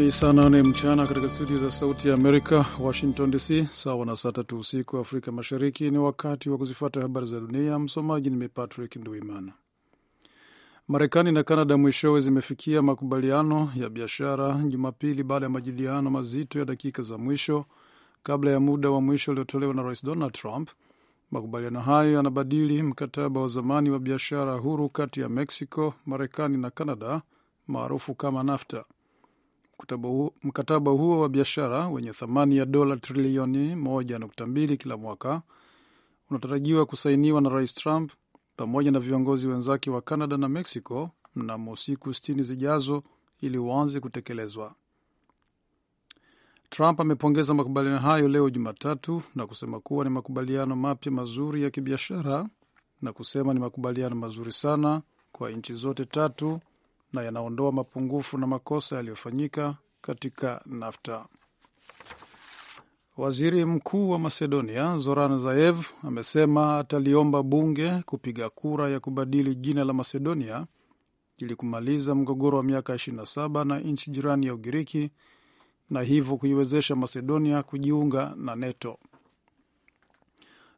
Ni saa nane mchana katika studio za Sauti ya Amerika, Washington DC, sawa na saa tatu usiku wa Afrika Mashariki. Ni wakati wa kuzifuata habari za dunia. Msomaji ni Patrick Nduimana. Marekani na Kanada mwishowe zimefikia makubaliano ya biashara Jumapili baada ya majadiliano mazito ya dakika za mwisho kabla ya muda wa mwisho uliotolewa na Rais Donald Trump. Makubaliano hayo yanabadili mkataba wa zamani wa biashara huru kati ya Mexico, Marekani na Kanada maarufu kama NAFTA mkataba huo wa biashara wenye thamani ya dola trilioni 1.2 kila mwaka unatarajiwa kusainiwa na Rais Trump pamoja na viongozi wenzake wa Canada na Mexico mnamo siku 60 zijazo ili uanze kutekelezwa. Trump amepongeza makubaliano hayo leo Jumatatu na kusema kuwa ni makubaliano mapya mazuri ya kibiashara na kusema ni makubaliano mazuri sana kwa nchi zote tatu na yanaondoa mapungufu na makosa yaliyofanyika katika NAFTA. Waziri mkuu wa Macedonia Zoran Zaev amesema ataliomba bunge kupiga kura ya kubadili jina la Macedonia ili kumaliza mgogoro wa miaka 27 na nchi jirani ya Ugiriki na hivyo kuiwezesha Macedonia kujiunga na NATO.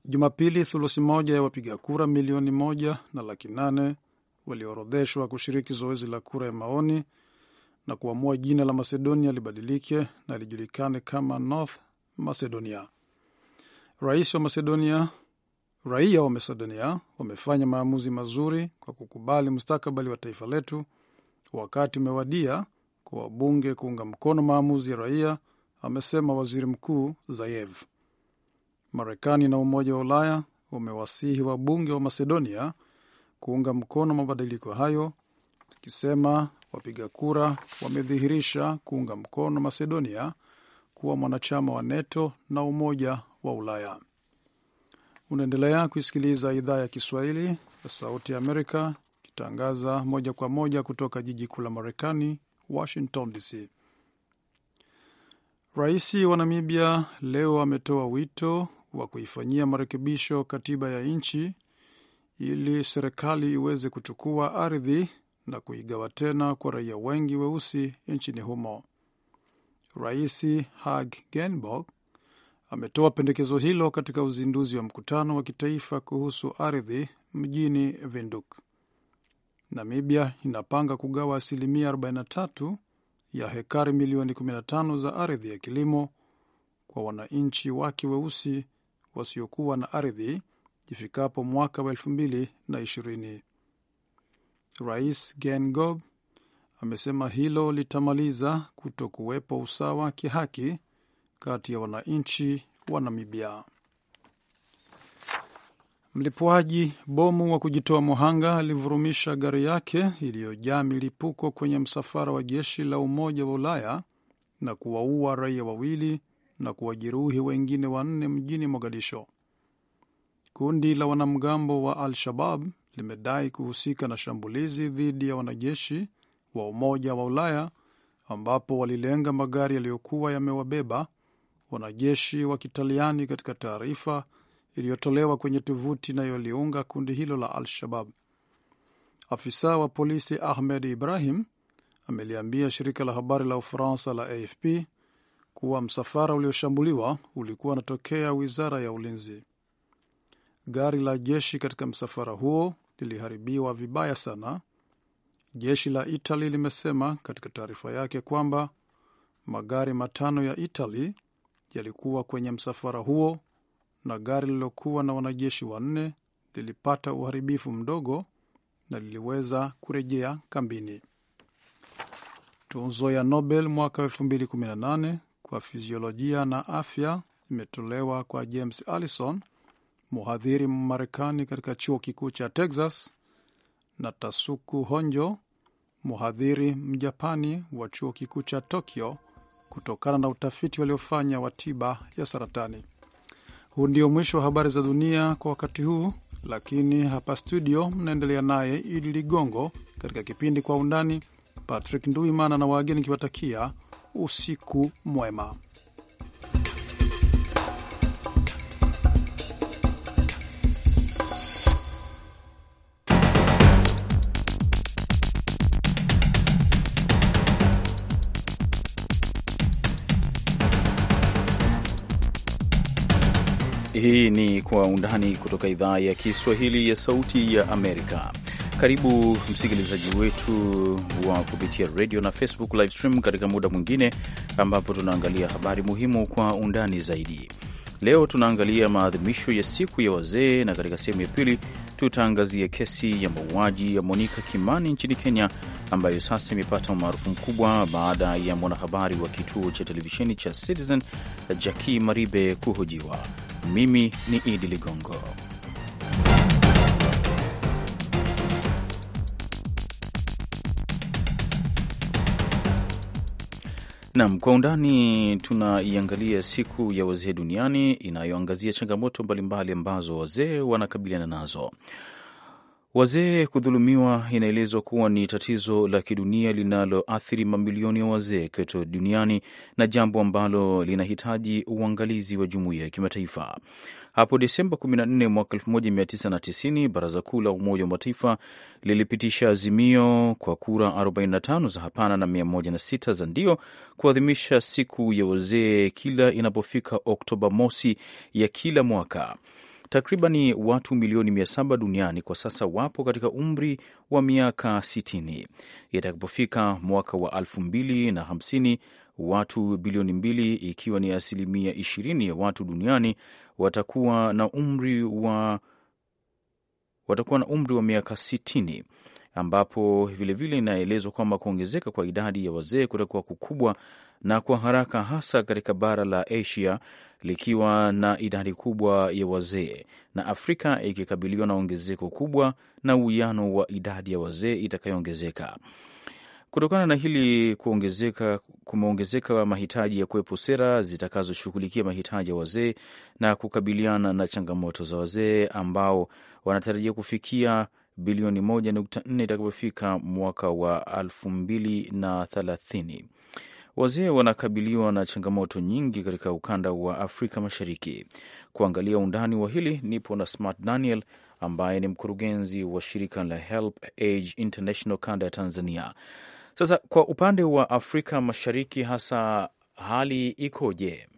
Jumapili, thuluthi moja ya wapiga kura milioni moja na laki nane walioorodheshwa kushiriki zoezi la kura ya maoni na kuamua jina la Macedonia libadilike na lijulikane kama North Macedonia. Rais wa Macedonia, raia wa Macedonia wamefanya maamuzi mazuri kwa kukubali mustakabali wa taifa letu. Wakati umewadia kwa wabunge kuunga mkono maamuzi ya raia, amesema waziri mkuu Zayev. Marekani na Umoja wa Ulaya wamewasihi wabunge wa Macedonia kuunga mkono mabadiliko hayo, tukisema wapiga kura wamedhihirisha kuunga mkono Macedonia kuwa mwanachama wa NATO na Umoja wa Ulaya. Unaendelea kuisikiliza idhaa ya Kiswahili ya Sauti ya Amerika ikitangaza moja kwa moja kutoka jiji kuu la Marekani, Washington DC. Rais wa Namibia leo ametoa wito wa kuifanyia marekebisho katiba ya nchi ili serikali iweze kuchukua ardhi na kuigawa tena kwa raia wengi weusi nchini humo. Rais Hagenborg ametoa pendekezo hilo katika uzinduzi wa mkutano wa kitaifa kuhusu ardhi mjini Windhoek. Namibia inapanga kugawa asilimia 43 ya hekari milioni 15 za ardhi ya kilimo kwa wananchi wake weusi wasiokuwa na ardhi ifikapo mwaka wa elfu mbili na ishirini. Rais Gengob amesema hilo litamaliza kuto kuwepo usawa kihaki kati ya wananchi wa Namibia. Mlipuaji bomu wa kujitoa muhanga alivurumisha gari yake iliyojaa milipuko kwenye msafara wa jeshi la Umoja wa Ulaya na kuwaua raia wawili na kuwajeruhi wengine wanne mjini Mogadisho. Kundi la wanamgambo wa Al-Shabab limedai kuhusika na shambulizi dhidi ya wanajeshi wa Umoja wa Ulaya ambapo walilenga magari yaliyokuwa yamewabeba wanajeshi wa Kitaliani katika taarifa iliyotolewa kwenye tovuti inayoliunga kundi hilo la Al-Shabab. Afisa wa polisi Ahmed Ibrahim ameliambia shirika la habari la Ufaransa la AFP kuwa msafara ulioshambuliwa ulikuwa unatokea wizara ya ulinzi. Gari la jeshi katika msafara huo liliharibiwa vibaya sana. Jeshi la Itali limesema katika taarifa yake kwamba magari matano ya Itali yalikuwa kwenye msafara huo na gari lililokuwa na wanajeshi wanne lilipata uharibifu mdogo na liliweza kurejea kambini. tunzo ya Nobel mwaka 2018 kwa fiziolojia na afya imetolewa kwa James Allison mhadhiri Mmarekani katika chuo kikuu cha Texas, na Tasuku Honjo, mhadhiri Mjapani wa chuo kikuu cha Tokyo, kutokana na utafiti waliofanya wa tiba ya saratani. Huu ndio mwisho wa habari za dunia kwa wakati huu, lakini hapa studio mnaendelea naye Idi Ligongo katika kipindi Kwa Undani. Patrick Nduimana na wageni kiwatakia usiku mwema. Hii ni Kwa Undani kutoka idhaa ya Kiswahili ya Sauti ya Amerika. Karibu msikilizaji wetu wa kupitia radio na Facebook live stream katika muda mwingine ambapo tunaangalia habari muhimu kwa undani zaidi. Leo tunaangalia maadhimisho ya siku ya wazee, na katika sehemu ya pili tutaangazia kesi ya mauaji ya monika Kimani nchini Kenya ambayo sasa imepata umaarufu mkubwa baada ya mwanahabari wa kituo cha televisheni cha Citizen Jackie Maribe kuhojiwa. Mimi ni Idi Ligongo. Nam kwa undani tunaiangalia siku ya wazee duniani inayoangazia changamoto mbalimbali ambazo wazee wanakabiliana nazo. Wazee kudhulumiwa inaelezwa kuwa ni tatizo la kidunia linaloathiri mamilioni ya wazee kote duniani na jambo ambalo linahitaji uangalizi wa jumuiya ya kimataifa. Hapo Desemba 14 mwaka 1990 Baraza Kuu la Umoja wa Mataifa lilipitisha azimio kwa kura 45 za hapana na 106 za ndio kuadhimisha siku ya wazee kila inapofika Oktoba mosi ya kila mwaka. Takribani watu milioni mia saba duniani kwa sasa wapo katika umri wa miaka 60. Itakapofika mwaka wa mbili na hamsini watu bilioni mbili, ikiwa ni asilimia 20 ya watu duniani, watakuwa na umri wa watakuwa na umri wa miaka 60 ambapo vilevile inaelezwa kwamba kuongezeka kwa idadi ya wazee kutakuwa kukubwa na kwa haraka hasa katika bara la Asia likiwa na idadi kubwa ya wazee na Afrika ikikabiliwa na ongezeko kubwa na uwiano wa idadi ya wazee itakayoongezeka. Kutokana na hili kuongezeka, kumeongezeka mahitaji ya kuwepo sera zitakazoshughulikia mahitaji ya wazee na kukabiliana na changamoto za wazee ambao wanatarajia kufikia bilioni 1.4 itakapofika mwaka wa 2030. Wazee wanakabiliwa na changamoto nyingi katika ukanda wa Afrika Mashariki. Kuangalia undani wa hili, nipo na Smart Daniel ambaye ni mkurugenzi wa shirika la Help Age International kanda ya Tanzania. Sasa kwa upande wa Afrika Mashariki hasa hali ikoje?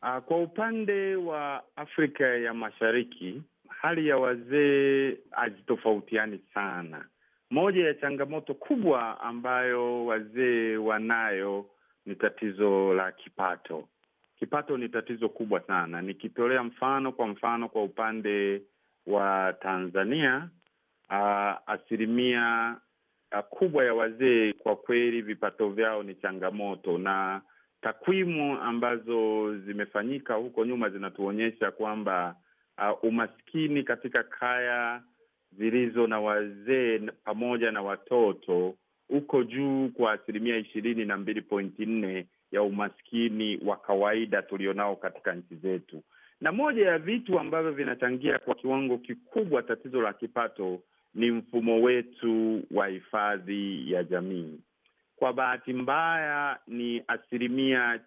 Ah, kwa upande wa Afrika ya Mashariki hali ya wazee hazitofautiani sana moja ya changamoto kubwa ambayo wazee wanayo ni tatizo la kipato. Kipato ni tatizo kubwa sana. Nikitolea mfano, kwa mfano kwa upande wa Tanzania, uh, asilimia kubwa ya wazee kwa kweli vipato vyao ni changamoto, na takwimu ambazo zimefanyika huko nyuma zinatuonyesha kwamba uh, umaskini katika kaya zilizo na wazee pamoja na watoto uko juu kwa asilimia ishirini na mbili pointi nne ya umaskini wa kawaida tulionao katika nchi zetu. Na moja ya vitu ambavyo vinachangia kwa kiwango kikubwa tatizo la kipato ni mfumo wetu wa hifadhi ya jamii. Kwa bahati mbaya, ni asilimia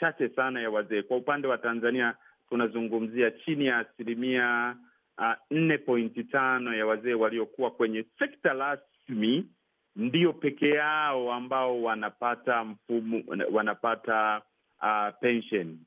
chache sana ya wazee. Kwa upande wa Tanzania tunazungumzia chini ya asilimia Ah, nne pointi tano ya wazee waliokuwa kwenye sekta rasmi ndio peke yao ambao wanapata mfumo, wanapata uh, pension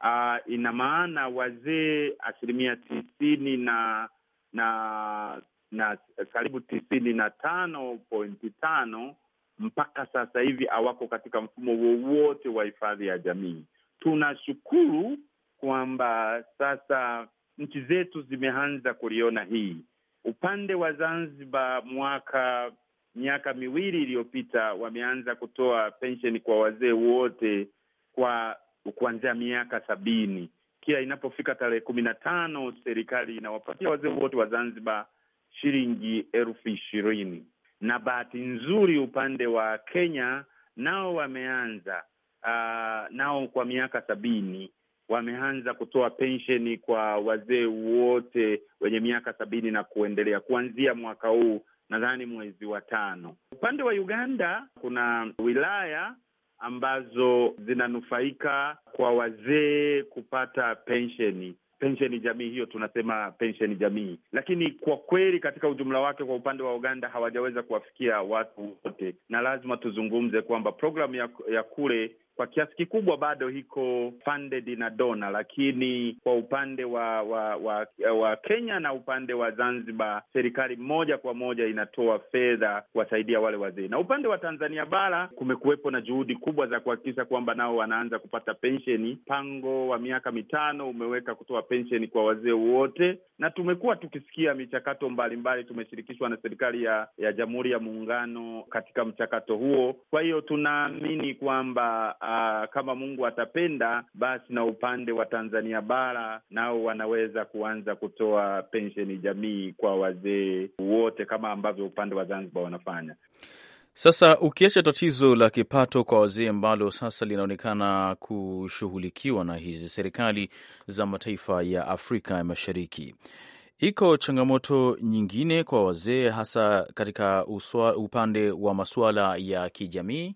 uh, ina maana wazee asilimia tisini na na na karibu tisini na tano pointi tano mpaka sasa hivi hawako katika mfumo wowote wa hifadhi ya jamii. Tunashukuru kwamba sasa nchi zetu zimeanza kuliona hii. Upande wa Zanzibar mwaka miaka miwili iliyopita wameanza kutoa pensheni kwa wazee wote kwa kuanzia miaka sabini. Kila inapofika tarehe kumi na tano serikali inawapatia wazee wote wa Zanzibar shilingi elfu ishirini na bahati nzuri upande wa Kenya nao wameanza uh, nao kwa miaka sabini wameanza kutoa pensheni kwa wazee wote wenye miaka sabini na kuendelea kuanzia mwaka huu nadhani mwezi wa tano. Upande wa Uganda kuna wilaya ambazo zinanufaika kwa wazee kupata pensheni pensheni jamii, hiyo tunasema pensheni jamii. Lakini kwa kweli katika ujumla wake, kwa upande wa Uganda hawajaweza kuwafikia watu wote, na lazima tuzungumze kwamba programu ya, ya kule kwa kiasi kikubwa bado iko funded na dona, lakini kwa upande wa wa, wa wa Kenya na upande wa Zanzibar, serikali moja kwa moja inatoa fedha kuwasaidia wale wazee. Na upande wa Tanzania bara kumekuwepo na juhudi kubwa za kuhakikisha kwamba nao wanaanza kupata pensheni. Mpango wa miaka mitano umeweka kutoa pensheni kwa wazee wote, na tumekuwa tukisikia michakato mbalimbali. Tumeshirikishwa na serikali ya, ya Jamhuri ya Muungano katika mchakato huo. Kwa hiyo tunaamini kwamba aa, ah, kama Mungu atapenda, basi na upande wa Tanzania bara nao wanaweza kuanza kutoa pensheni jamii kwa wazee wote kama ambavyo upande wa Zanzibar wanafanya. Sasa ukiacha tatizo la kipato kwa wazee ambalo sasa linaonekana kushughulikiwa na hizi serikali za mataifa ya Afrika ya Mashariki, iko changamoto nyingine kwa wazee, hasa katika uswa, upande wa masuala ya kijamii.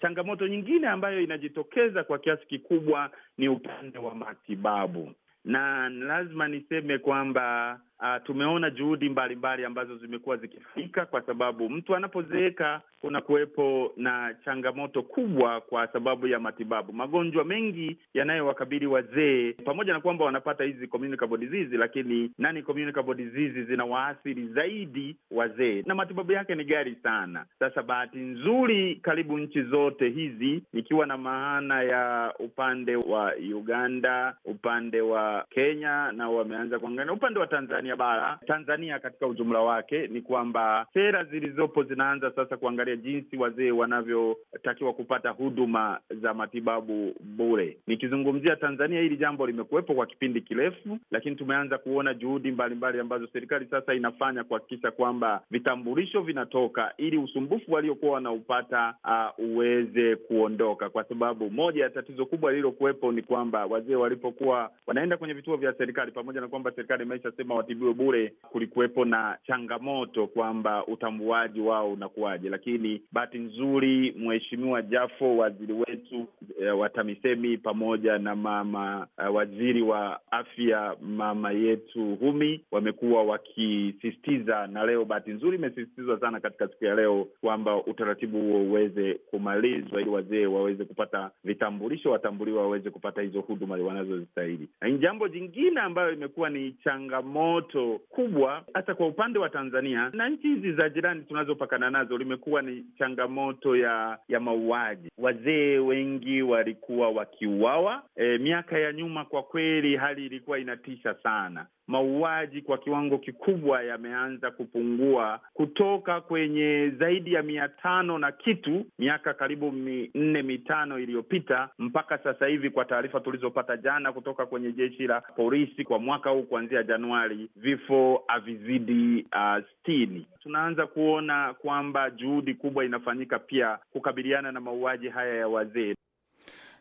Changamoto nyingine ambayo inajitokeza kwa kiasi kikubwa ni upande wa matibabu, na lazima niseme kwamba Uh, tumeona juhudi mbalimbali mbali ambazo zimekuwa zikifika, kwa sababu mtu anapozeeka kuna kuwepo na changamoto kubwa kwa sababu ya matibabu. Magonjwa mengi yanayowakabili wazee, pamoja na kwamba wanapata hizi communicable disease, lakini nani communicable disease zinawaathiri zaidi wazee na matibabu yake ni ghali sana. Sasa bahati nzuri, karibu nchi zote hizi, ikiwa na maana ya upande wa Uganda, upande wa Kenya, na wameanza kuangalia upande wa Tanzania Tanzania bara, Tanzania katika ujumla wake, ni kwamba sera zilizopo zinaanza sasa kuangalia jinsi wazee wanavyotakiwa kupata huduma za matibabu bure. Nikizungumzia Tanzania, hili jambo limekuwepo kwa kipindi kirefu, lakini tumeanza kuona juhudi mbalimbali mbali ambazo serikali sasa inafanya kuhakikisha kwamba vitambulisho vinatoka ili usumbufu waliokuwa wanaupata uh, uweze kuondoka, kwa sababu moja ya tatizo kubwa lililokuwepo ni kwamba wazee walipokuwa wanaenda kwenye vituo vya serikali, pamoja na kwamba serikali imeshasema zilizotibiwa bure, kulikuwepo na changamoto kwamba utambuaji wao unakuwaje, lakini bahati nzuri Mheshimiwa Jafo, waziri wetu e, wa TAMISEMI pamoja na mama e, waziri wa afya mama yetu Humi wamekuwa wakisisitiza, na leo bahati nzuri imesisitizwa sana katika siku ya leo kwamba utaratibu huo uweze kumalizwa ili wazee waweze kupata vitambulisho, watambuliwa waweze kupata hizo huduma wanazozistahili. Jambo jingine ambayo imekuwa ni changamoto changamoto kubwa, hata kwa upande wa Tanzania na nchi hizi za jirani tunazopakana nazo, limekuwa ni changamoto ya ya mauaji. Wazee wengi walikuwa wakiuawa e, miaka ya nyuma. Kwa kweli hali ilikuwa inatisha sana, mauaji kwa kiwango kikubwa yameanza kupungua kutoka kwenye zaidi ya mia tano na kitu miaka karibu minne mitano iliyopita mpaka sasa hivi, kwa taarifa tulizopata jana kutoka kwenye jeshi la polisi, kwa mwaka huu kuanzia Januari vifo havizidi uh, sitini. Tunaanza kuona kwamba juhudi kubwa inafanyika pia kukabiliana na mauaji haya ya wazee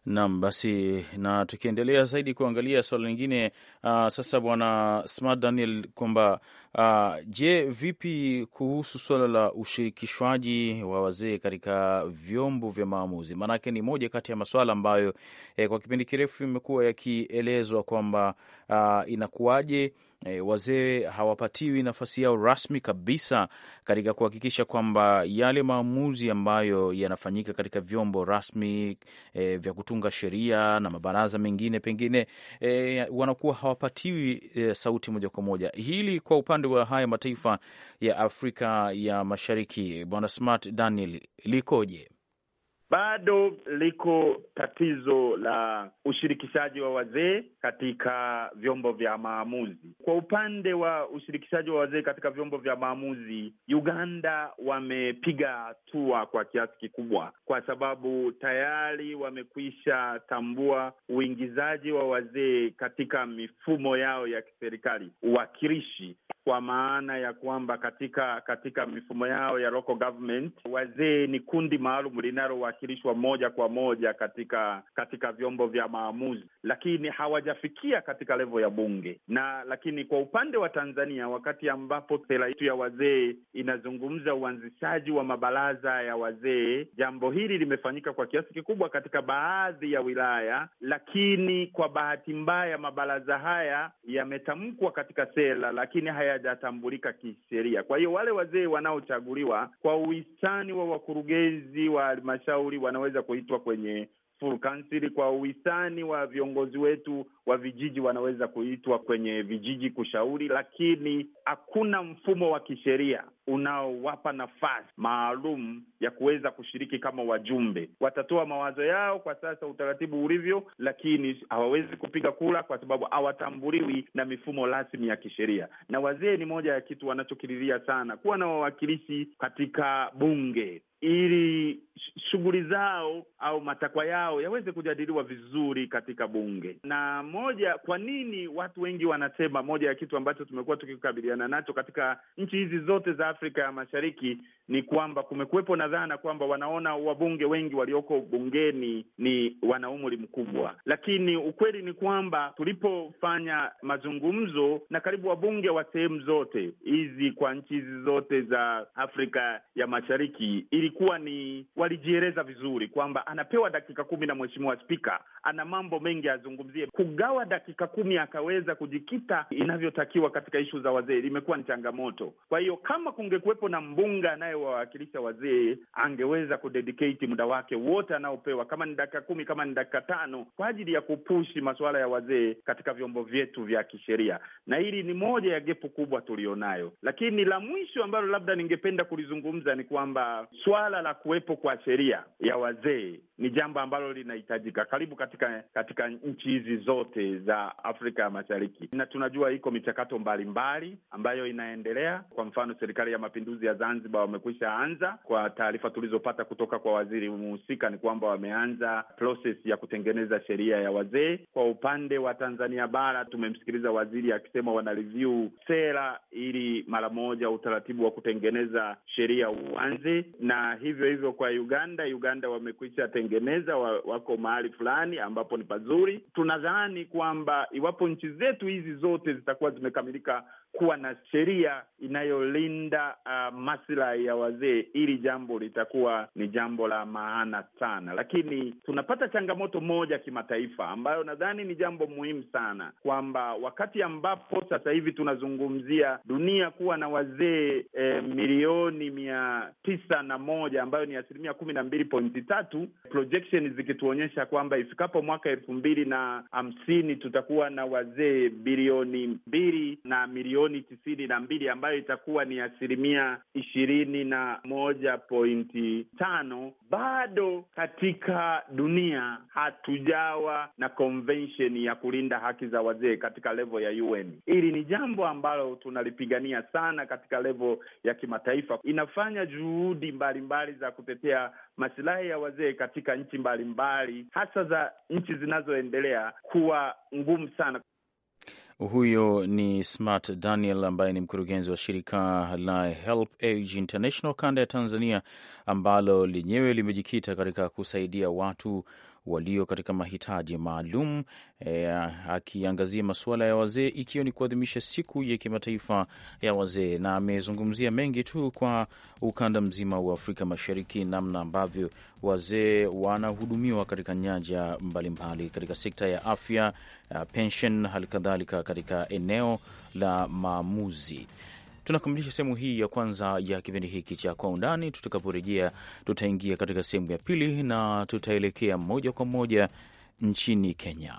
nam basi na tukiendelea zaidi kuangalia swala lingine uh, sasa bwana Smart Daniel kwamba uh, je, vipi kuhusu swala la ushirikishwaji wa wazee katika vyombo vya maamuzi? Maanake ni moja kati ya maswala ambayo eh, kwa kipindi kirefu imekuwa yakielezwa kwamba uh, inakuwaje e, wazee hawapatiwi nafasi yao rasmi kabisa katika kuhakikisha kwamba yale maamuzi ambayo yanafanyika katika vyombo rasmi e, vya kutunga sheria na mabaraza mengine pengine e, wanakuwa hawapatiwi e, sauti moja kwa moja. Hili kwa upande wa haya mataifa ya Afrika ya Mashariki, Bwana Smart Daniel, likoje? Bado liko tatizo la ushirikishaji wa wazee katika vyombo vya maamuzi. Kwa upande wa ushirikishaji wa wazee katika vyombo vya maamuzi, Uganda wamepiga hatua kwa kiasi kikubwa, kwa sababu tayari wamekwisha tambua uingizaji wa wazee katika mifumo yao ya kiserikali, uwakilishi kwa maana ya kwamba katika katika mifumo yao ya local government wazee ni kundi maalum linalowakilishwa moja kwa moja katika katika vyombo vya maamuzi, lakini hawajafikia katika levo ya bunge. Na lakini kwa upande wa Tanzania, wakati ambapo sera yetu ya wazee inazungumza uanzishaji wa mabaraza ya wazee, jambo hili limefanyika kwa kiasi kikubwa katika baadhi ya wilaya, lakini kwa bahati mbaya mabaraza haya yametamkwa katika sera, lakini haya hayajatambulika kisheria. Kwa hiyo wale wazee wanaochaguliwa kwa uhisani wa wakurugenzi wa halmashauri wanaweza kuitwa kwenye full council. Kwa uhisani wa viongozi wetu wa vijiji wanaweza kuitwa kwenye vijiji kushauri, lakini hakuna mfumo wa kisheria unaowapa nafasi maalum ya kuweza kushiriki kama wajumbe. Watatoa mawazo yao kwa sasa utaratibu ulivyo, lakini hawawezi kupiga kura kwa sababu hawatambuliwi na mifumo rasmi ya kisheria. Na wazee ni moja ya kitu wanachokililia sana, kuwa na wawakilishi katika bunge ili shughuli zao au matakwa yao yaweze kujadiliwa vizuri katika bunge. Na moja, kwa nini watu wengi wanasema, moja ya kitu ambacho tumekuwa tukikabiliana nacho katika nchi hizi zote za Afrika ya Mashariki ni kwamba kumekuwepo na dhana kwamba wanaona wabunge wengi walioko bungeni ni wana umri mkubwa, lakini ukweli ni kwamba tulipofanya mazungumzo na karibu wabunge wa sehemu zote hizi kwa nchi hizi zote za Afrika ya Mashariki, ilikuwa ni walijieleza vizuri kwamba anapewa dakika kumi na mheshimiwa Spika ana mambo mengi azungumzie. Kugawa dakika kumi akaweza kujikita inavyotakiwa katika ishu za wazee limekuwa ni changamoto. Kwa hiyo kama kungekuwepo na mbunge anaye anayewawakilisha wazee angeweza kudedicate muda wake wote anaopewa, kama ni dakika kumi, kama ni dakika tano, kwa ajili ya kupushi masuala ya wazee katika vyombo vyetu vya kisheria, na hili ni moja ya gepu kubwa tulionayo. Lakini la mwisho ambalo labda ningependa kulizungumza ni kwamba swala la kuwepo kwa sheria ya wazee ni jambo ambalo linahitajika karibu katika katika nchi hizi zote za Afrika ya Mashariki, na tunajua iko michakato mbalimbali ambayo inaendelea. Kwa mfano, serikali ya mapinduzi ya Zanzibar wamekuja wamekwishaanza. Kwa taarifa tulizopata kutoka kwa waziri mhusika, ni kwamba wameanza proses ya kutengeneza sheria ya wazee. Kwa upande wa Tanzania bara, tumemsikiliza waziri akisema wana review sera ili mara moja utaratibu wa kutengeneza sheria uanze, na hivyo hivyo kwa Uganda. Uganda wamekwisha tengeneza wa, wako mahali fulani ambapo ni pazuri. Tunadhani kwamba iwapo nchi zetu hizi zote zitakuwa zimekamilika kuwa na sheria inayolinda uh, maslahi ya wazee, ili jambo litakuwa ni jambo la maana sana. Lakini tunapata changamoto moja kimataifa, ambayo nadhani ni jambo muhimu sana, kwamba wakati ambapo sasa hivi tunazungumzia dunia kuwa na wazee eh, milioni mia tisa na moja ambayo ni asilimia kumi na mbili pointi tatu projection zikituonyesha kwamba ifikapo mwaka elfu mbili na hamsini tutakuwa na wazee bilioni mbili na milioni milioni tisini na mbili ambayo itakuwa ni asilimia ishirini na moja pointi tano bado katika dunia hatujawa na convention ya kulinda haki za wazee katika levo ya UN. Hili ni jambo ambalo tunalipigania sana katika levo ya kimataifa. Inafanya juhudi mbalimbali za kutetea masilahi ya wazee katika nchi mbalimbali, hasa za nchi zinazoendelea kuwa ngumu sana. Huyo ni Smart Daniel ambaye ni mkurugenzi wa shirika la Help Age International kanda ya Tanzania, ambalo lenyewe limejikita katika kusaidia watu walio katika mahitaji maalum e, akiangazia masuala ya wazee ikiwa ni kuadhimisha siku ya kimataifa ya wazee, na amezungumzia mengi tu kwa ukanda mzima wa Afrika Mashariki, namna ambavyo wazee wanahudumiwa katika nyanja mbalimbali, katika sekta ya afya, uh, pension, halikadhalika katika eneo la maamuzi tunakamilisha sehemu hii ya kwanza ya kipindi hiki cha Kwa Undani. Tutakaporejea tutaingia katika sehemu ya pili na tutaelekea moja kwa moja nchini Kenya.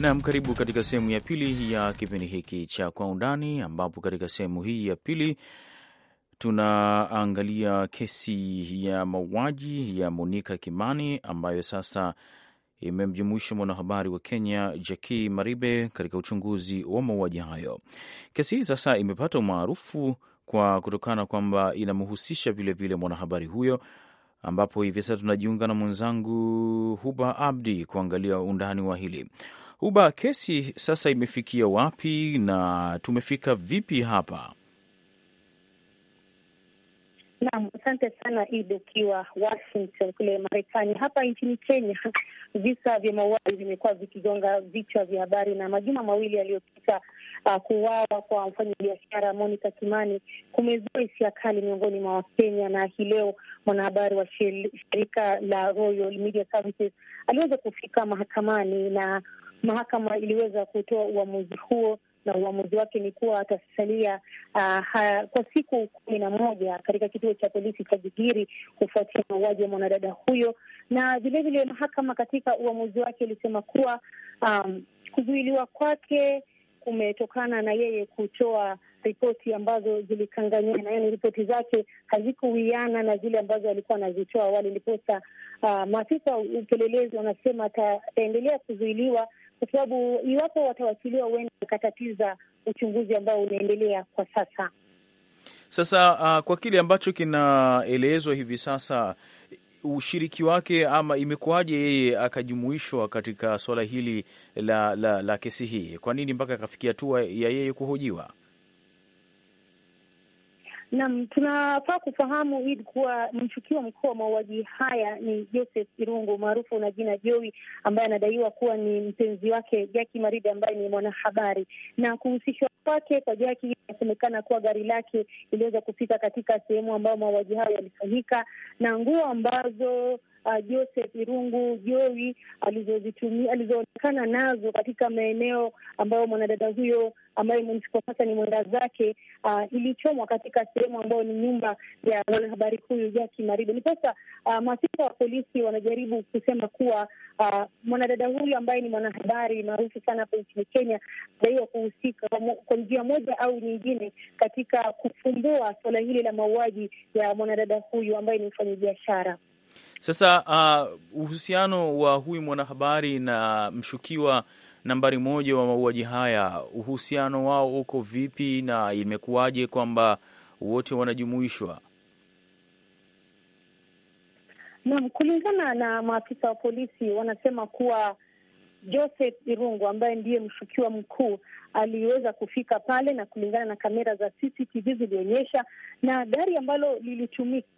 Nam, karibu katika sehemu ya pili ya kipindi hiki cha Kwa Undani, ambapo katika sehemu hii ya pili tunaangalia kesi ya mauaji ya Monika Kimani ambayo sasa imemjumuisha mwanahabari wa Kenya Jaki Maribe katika uchunguzi wa mauaji hayo. Kesi hii sasa imepata umaarufu kwa kutokana kwamba inamhusisha vilevile mwanahabari huyo, ambapo hivi sasa tunajiunga na mwenzangu Huba Abdi kuangalia undani wa hili. Huba, kesi sasa imefikia wapi na tumefika vipi hapa? Naam, asante sana Id ukiwa Washington kule Marekani. Hapa nchini Kenya visa vya mauaji vimekuwa vikigonga vichwa vya habari, na majuma mawili yaliyopita, uh, kuuawa kwa mfanyabiashara Monica Kimani kumezua hisia kali miongoni mwa Wakenya, na hii leo mwanahabari wa shirika la Royal Media Services aliweza kufika mahakamani na mahakama iliweza kutoa uamuzi huo na uamuzi wake ni kuwa atasalia uh, kwa siku kumi na moja katika kituo cha polisi cha Jigiri kufuatia mauaji ya mwanadada huyo. Na vilevile mahakama katika uamuzi wake ilisema kuwa um, kuzuiliwa kwake kumetokana na yeye kutoa ripoti ambazo zilikanganyana, yaani ripoti zake hazikuwiana na zile ambazo alikuwa anazitoa awali, ndiposa uh, maafisa upelelezi wanasema ataendelea kuzuiliwa kwa sababu iwapo watawasiliwa, huenda wakatatiza uchunguzi ambao unaendelea kwa sasa. Sasa uh, kwa kile ambacho kinaelezwa hivi sasa ushiriki wake ama imekuwaje yeye akajumuishwa katika suala hili la, la, la kesi hii? Kwa nini mpaka akafikia hatua ya yeye kuhojiwa? Naam, tunafaa kufahamu Id kuwa mshukiwa mkuu wa mauaji haya ni Joseph Irungu maarufu na jina Joey, ambaye anadaiwa kuwa ni mpenzi wake Jaki Maridi ambaye ni mwanahabari. Na kuhusishwa kwake kwa Jaki, inasemekana kuwa gari lake liliweza kufika katika sehemu ambayo mauaji hayo yalifanyika na nguo ambazo uh, Joseph Irungu Jowi alizozitumia alizoonekana nazo katika maeneo ambayo mwanadada huyo ambaye kwa sasa ni mwenda zake uh, ilichomwa katika sehemu ambayo ni nyumba ya mwanahabari huyu Jaki Maribe. Ni sasa uh, ah, maafisa wa polisi wanajaribu kusema kuwa uh, mwanadada huyu ambaye ni mwanahabari maarufu sana hapa nchini Kenya anadaiwa kuhusika kwa njia moja au nyingine katika kufumbua suala hili la mauaji ya mwanadada huyu ambaye ni mfanyabiashara. Sasa uh, uhusiano wa huyu mwanahabari na mshukiwa nambari moja wa mauaji haya, uhusiano wao uko vipi na imekuwaje kwamba wote wanajumuishwa? Naam, kulingana na maafisa wa polisi wanasema kuwa Joseph Irungu ambaye ndiye mshukiwa mkuu aliweza kufika pale, na kulingana na kamera za CCTV zilionyesha, na gari ambalo lilitumika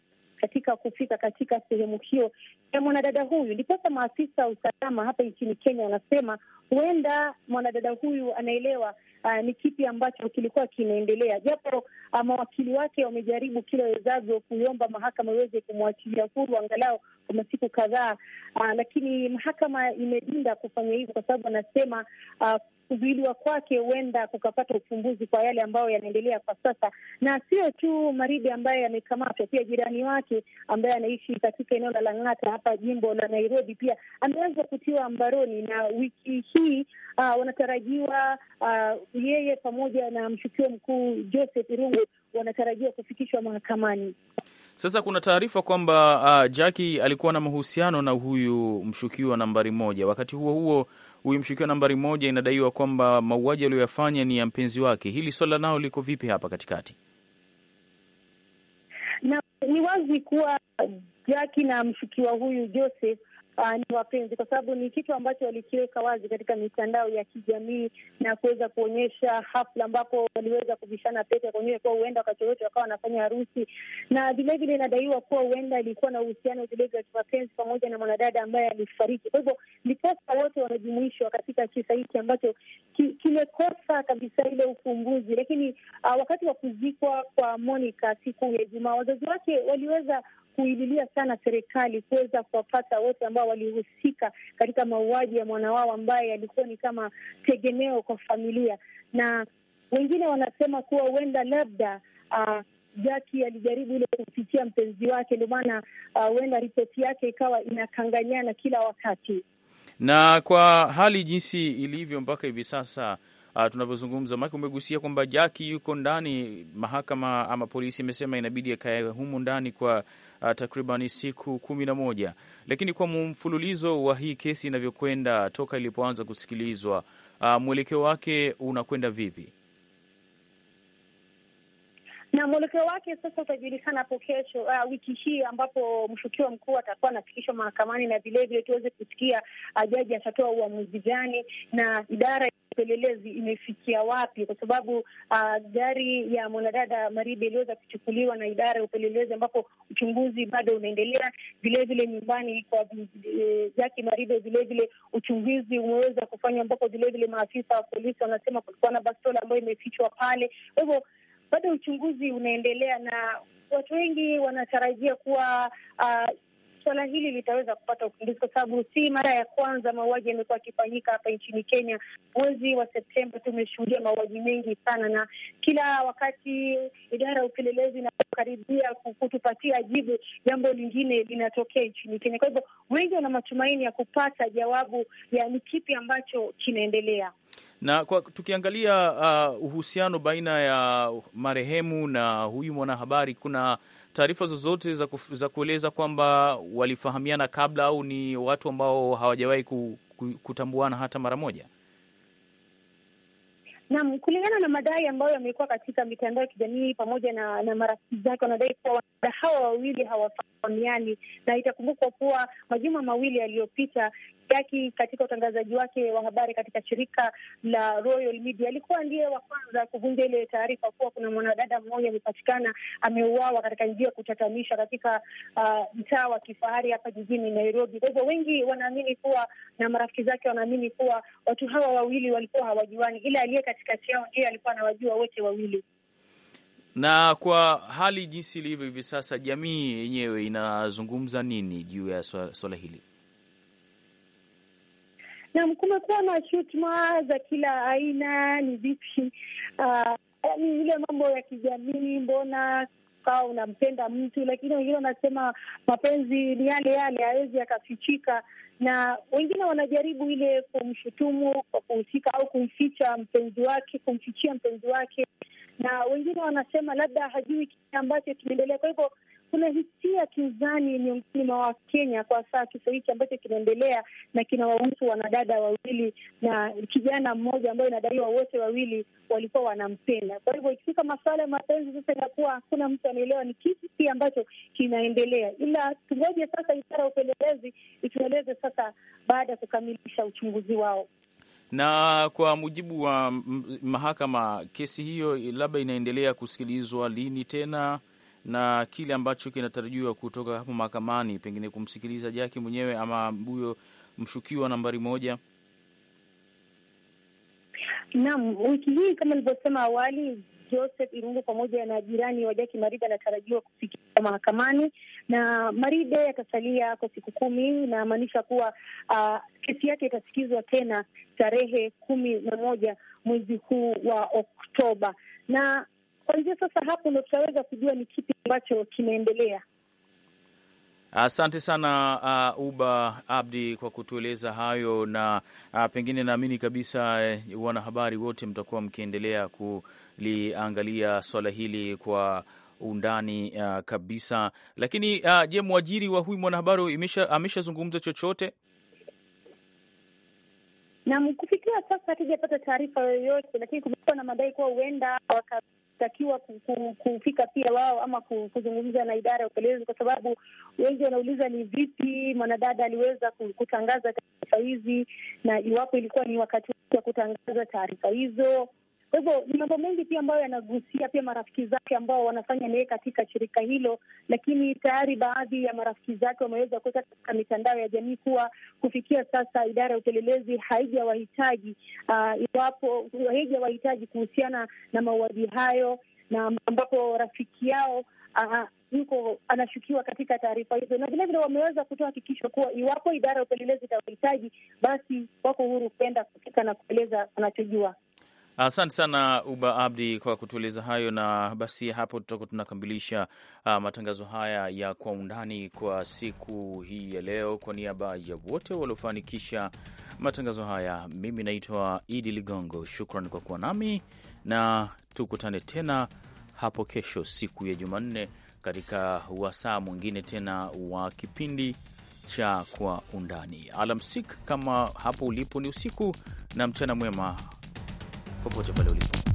katika kufika katika sehemu hiyo ya mwanadada huyu. Ndiposa maafisa usalama hapa nchini Kenya wanasema huenda mwanadada huyu anaelewa uh, ni kipi ambacho kilikuwa kinaendelea, japo uh, mawakili wake wamejaribu kila wezazo kuiomba mahakama iweze kumwachilia huru angalau masiku kadhaa, ah, lakini mahakama imedinda kufanya hivyo kwa sababu anasema ah, kuzuiliwa kwake huenda kukapata ufumbuzi kwa yale ambayo yanaendelea kwa sasa, na sio tu Maridi ambaye amekamatwa, pia jirani wake ambaye anaishi katika eneo la Lang'ata hapa jimbo la Nairobi pia ameweza kutiwa mbaroni, na wiki hii uh, wanatarajiwa uh, yeye pamoja na mshukiwa mkuu Joseph Irungu wanatarajiwa kufikishwa mahakamani. Sasa kuna taarifa kwamba uh, Jackie alikuwa na mahusiano na huyu mshukiwa nambari moja. Wakati huo huo, huyu mshukiwa nambari moja inadaiwa kwamba mauaji aliyoyafanya ni ya mpenzi wake. Hili swala nao liko vipi hapa katikati? Na ni wazi kuwa Jackie na mshukiwa huyu Joseph uh, ni wapenzi, kwa sababu ni kitu ambacho walikiweka wazi katika mitandao ya kijamii na kuweza kuonyesha hafla ambapo waliweza kuvishana pete kuonyesha kuwa huenda wakati wote wakawa wanafanya harusi, na vilevile inadaiwa kuwa huenda ilikuwa na uhusiano vilevile wa kimapenzi pamoja na mwanadada ambaye alifariki. Kwa hivyo ndiposa wote wanajumuishwa katika kisa hiki ambacho ki, kimekosa kabisa ile ufumbuzi. Lakini uh, wakati wa kuzikwa kwa Monica siku ya Ijumaa, wazazi wake waliweza kuililia sana serikali kuweza kuwapata wote ambao walihusika katika mauaji ya mwana wao ambaye alikuwa ni kama tegemeo kwa familia, na wengine wanasema kuwa huenda labda uh, ah, Jaki alijaribu ile kumfichia mpenzi wake, ndio maana ah, huenda uh, ripoti yake ikawa inakanganyana kila wakati. Na kwa hali jinsi ilivyo mpaka hivi sasa uh, tunavyozungumza, maake umegusia kwamba Jaki yuko ndani. Mahakama ama polisi imesema inabidi akae humo ndani kwa uh, takriban siku kumi na moja, lakini kwa mfululizo wa hii kesi inavyokwenda toka ilipoanza kusikilizwa, uh, mwelekeo wake unakwenda vipi? na mwelekeo wake sasa utajulikana hapo kesho, uh, wiki hii ambapo mshukiwa mkuu atakuwa anafikishwa mahakamani na vilevile tuweze kusikia uh, jaji atatoa uamuzi gani na idara upelelezi imefikia wapi, kwa sababu uh, gari ya mwanadada Maribe iliweza kuchukuliwa na idara ya upelelezi ambapo uchunguzi bado unaendelea. Vilevile nyumbani kwa eh, e, Maribe vilevile uchunguzi umeweza kufanywa, ambapo vilevile maafisa wa polisi wanasema kulikuwa na bastola ambayo imefichwa pale. Kwa hivyo bado uchunguzi unaendelea na watu wengi wanatarajia kuwa uh, suala hili litaweza kupata ufumbuzi, kwa sababu si mara ya kwanza mauaji yamekuwa akifanyika hapa nchini Kenya. Mwezi wa Septemba tumeshuhudia mauaji mengi sana, na kila wakati idara ya upelelezi inaokaribia kutupatia jibu, jambo lingine linatokea nchini Kenya. Kwa hivyo wengi wana matumaini ya kupata jawabu ya ni kipi ambacho kinaendelea na kwa tukiangalia uh, uhusiano baina ya marehemu na huyu mwanahabari kuna taarifa zozote za, kuf, za kueleza kwamba walifahamiana kabla au ni watu ambao hawajawahi ku, ku, kutambuana hata mara moja? Naam, kulingana na madai ambayo yamekuwa katika mitandao ya kijamii pamoja na na marafiki zake, wanadai kuwa hawa wawili hawafahamiani, na itakumbukwa kuwa majuma mawili yaliyopita Kiyaki katika utangazaji wake wa habari katika shirika la Royal Media alikuwa ndiye wa kwanza kuvunja ile taarifa kuwa kuna mwanadada mmoja amepatikana ameuawa katika njia ya kutatanisha katika uh, mtaa uh, wa kifahari hapa jijini Nairobi. Kwa hivyo wengi wanaamini kuwa na marafiki zake wanaamini kuwa watu hawa wawili walikuwa hawajuani, ila aliye katikati yao ndiye alikuwa anawajua wote wawili na kwa hali jinsi ilivyo hivi sasa, jamii yenyewe inazungumza nini juu ya swala hili? na kumekuwa na shutuma za kila aina, ni vipi ah, ni ile mambo ya kijamii, mbona kawa unampenda mtu lakini wengine wanasema mapenzi ni yale yale, hawezi akafichika, na wengine wanajaribu ile kumshutumu kwa kuhusika au kumficha mpenzi wake, kumfichia mpenzi wake, na wengine wanasema labda hajui kile ambacho kinaendelea. Kwa hivyo tunahitia kinzani miongoni wa Kenya kwa saa kifo hiki ambacho kinaendelea na kinawahusu wanadada wawili na kijana mmoja ambayo inadaiwa wote wawili walikuwa wanampenda. Kwa hivyo ikifika masuala ya mapenzi sasa, inakuwa hakuna mtu anaelewa ni kipi ambacho kinaendelea, ila tungoje sasa idara ya upelelezi itueleze sasa baada ya kukamilisha uchunguzi wao na kwa mujibu wa mahakama, kesi hiyo labda inaendelea kusikilizwa lini tena? na kile ambacho kinatarajiwa kutoka hapo mahakamani, pengine kumsikiliza Jaki mwenyewe ama huyo mshukiwa nambari moja? Naam, wiki hii kama ilivyosema awali Joseph Irungu pamoja na jirani wa Jaki Maribe anatarajiwa kufikia mahakamani na Maribe atasalia kwa siku kumi. Inamaanisha kuwa uh, kesi yake itasikizwa tena tarehe kumi na moja mwezi huu wa Oktoba na Kwanzia sasa hapo ndo tutaweza kujua ni kipi ambacho kimeendelea Asante sana uh, Uba Abdi kwa kutueleza hayo na uh, pengine naamini kabisa eh, wanahabari wote mtakuwa mkiendelea kuliangalia swala hili kwa undani uh, kabisa. Lakini uh, je, mwajiri wa huyu mwanahabari ameshazungumza chochote? Nam, kufikia sasa hatujapata taarifa yoyote, lakini kumekuwa na madai kuwa huenda takiwa kufika pia wao ama kuzungumza na idara ya upelelezi, kwa sababu wengi wanauliza ni vipi mwanadada aliweza kutangaza taarifa hizi na iwapo ilikuwa ni wakati wa kutangaza taarifa hizo kwa hivyo ni mambo mengi pia ambayo yanagusia pia marafiki zake ambao wanafanya naye katika shirika hilo, lakini tayari baadhi ya marafiki zake wameweza kuweka katika mitandao ya jamii kuwa kufikia sasa idara ya upelelezi haijawahitaji uh, iwapo haijawahitaji kuhusiana na mauaji hayo na ambapo rafiki yao uh, yuko anashukiwa katika taarifa hizo, na vilevile wameweza kutoa hakikisho kuwa iwapo idara ya upelelezi itawahitaji, basi wako huru kuenda kufika na kueleza wanachojua. Asante sana Uba Abdi kwa kutueleza hayo, na basi hapo tutakuwa tunakamilisha uh, matangazo haya ya kwa undani kwa siku hii ya leo. Kwa niaba ya wote waliofanikisha matangazo haya, mimi naitwa Idi Ligongo. Shukran kwa kuwa nami na tukutane tena hapo kesho, siku ya Jumanne, katika wasaa mwingine tena wa kipindi cha kwa undani. Alamsik, kama hapo ulipo ni usiku na mchana mwema popote pale ulipo.